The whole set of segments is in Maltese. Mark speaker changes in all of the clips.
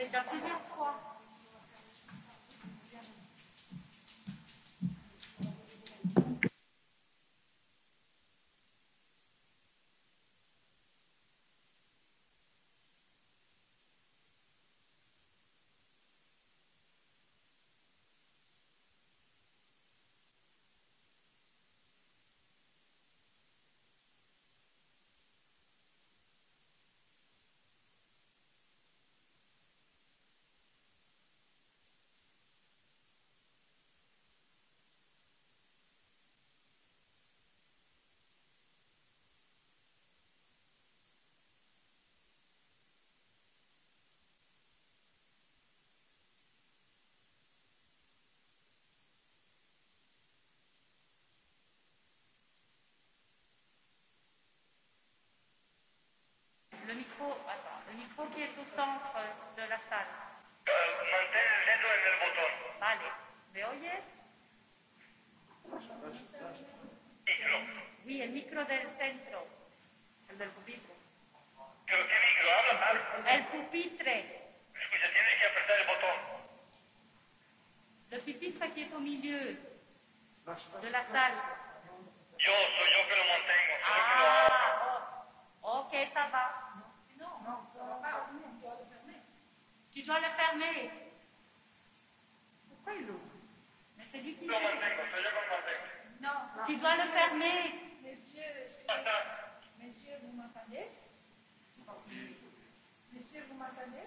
Speaker 1: bit-ġabbiżi? el pupitre. Pero tiene que lo mal. El pupitre. Escucha, tienes que apretar el botón. Le pupitre qui est au milieu de la salle. Yo, soy yo que lo mantengo, soy ah, que lo Oh, ok, está va. Non, no, no, va Tu dois le fermer. Pourquoi il l'ouvre Mais c'est lui qui l'ouvre. Non, non, tu dois le fermer. Messieurs, excusez-moi. Messieurs, vous m'entendez Messieurs, vous m'entendez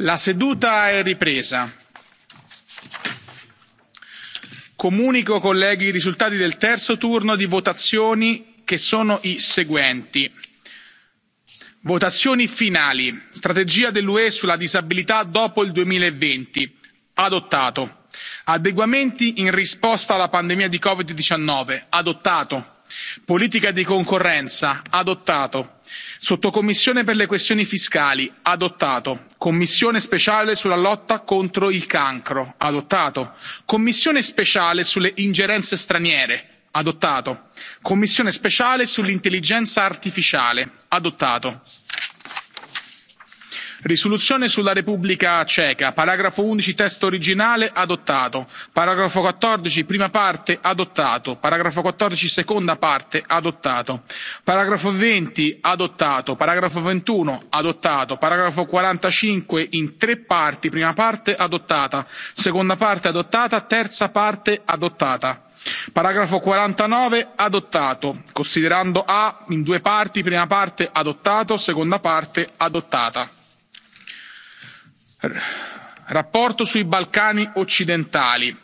Speaker 1: La seduta è ripresa. Comunico, colleghi, i risultati del terzo turno di votazioni che sono i seguenti. Votazioni finali. Strategia dell'UE sulla disabilità dopo il 2020. Adottato. Adeguamenti in risposta alla pandemia di Covid-19. Adottato. Politica di concorrenza. Adottato sottocommissione per le questioni fiscali adottato commissione speciale sulla lotta contro il cancro adottato commissione speciale sulle ingerenze straniere adottato commissione speciale sull'intelligenza artificiale adottato risoluzione sulla repubblica ceca paragrafo undici testo originale adottato paragrafo quattordici prima parte adottato paragrafo quattordici seconda parte adottato paragrafo venti adottato paragrafo ventuno. adottato paragrafo quarantacinque in tre parti prima parte adottata seconda parte adottata terza parte adottata paragrafo quarantanove adottato considerando a in due parti prima parte adottato seconda parte adottata rapporto sui balcani occidentali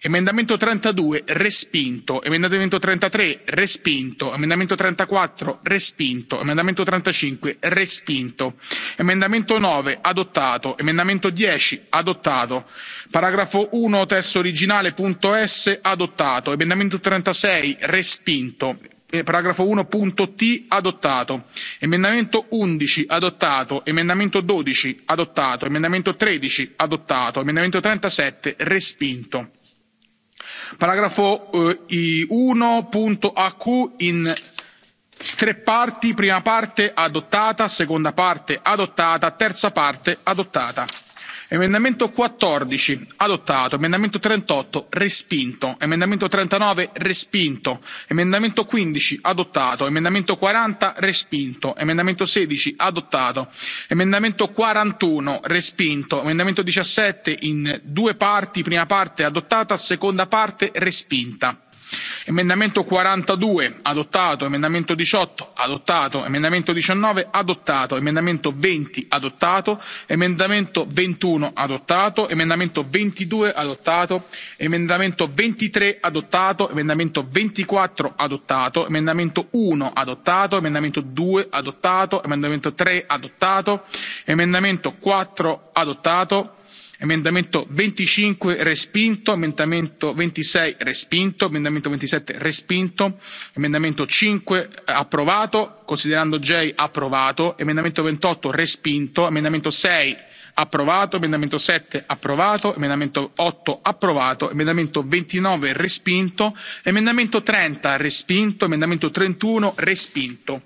Speaker 1: emendamento trentadue respinto emendamento trentatré respinto emendamento trentaquattro respinto emendamento trentacinque respinto emendamento nove adottato emendamento dieci adottato paragrafo uno testo originale punto s adottato emendamento trentasei respinto Eh, paragrafo uno punto t adottato emendamento undici adottato emendamento dodici adottato emendamento tredici adottato emendamento trentasette respinto paragrafo eh, uno punto aq in tre parti prima parte adottata seconda parte adottata terza parte adottata emendamento quattordici adottato emendamento trentotto respinto emendamento trentanove respinto emendamento quindici adottato emendamento quaranta respinto emendamento sedici adottato emendamento quarantuno respinto emendamento diciassette in due parti prima parte adottata seconda parte respinta emendamento quarantadue adottato emendamento diciotto adottato emendamento diciannove adottato emendamento venti adottato emendamento ventuno adottato emendamento ventidue adottato emendamento ventitré adottato emendamento ventiquattro adottato emendamento uno adottato emendamento due adottato emendamento tre adottato emendamento quattro adottato emendamento venticinque respinto emendamento ventisei respinto emendamento ventisette respinto emendamento cinque approvato considerando j approvato emendamento ventotto respinto emendamento sei approvato emendamento sette approvato emendamento otto approvato emendamento ventinove respinto emendamento trenta respinto emendamento trentuno respinto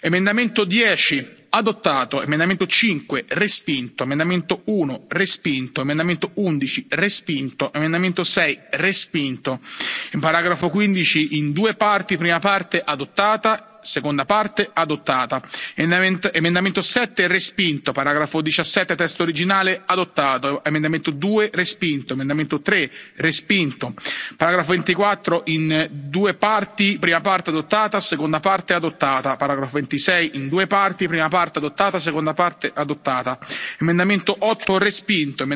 Speaker 1: emendamento dieci adottato emendamento cinque respinto emendamento uno respinto emendamento undici respinto emendamento sei respinto paragrafo quindici in due parti prima parte adottata seconda parte adottata; emendamento sette respinto; paragrafo diciassette testo originale adottato; emendamento due respinto; emendamento tre respinto; paragrafo ventiquattro in due parti prima parte adottata seconda parte adottata; paragrafo ventisei in due parti prima parte adottata seconda parte adottata; emendamento otto respinto;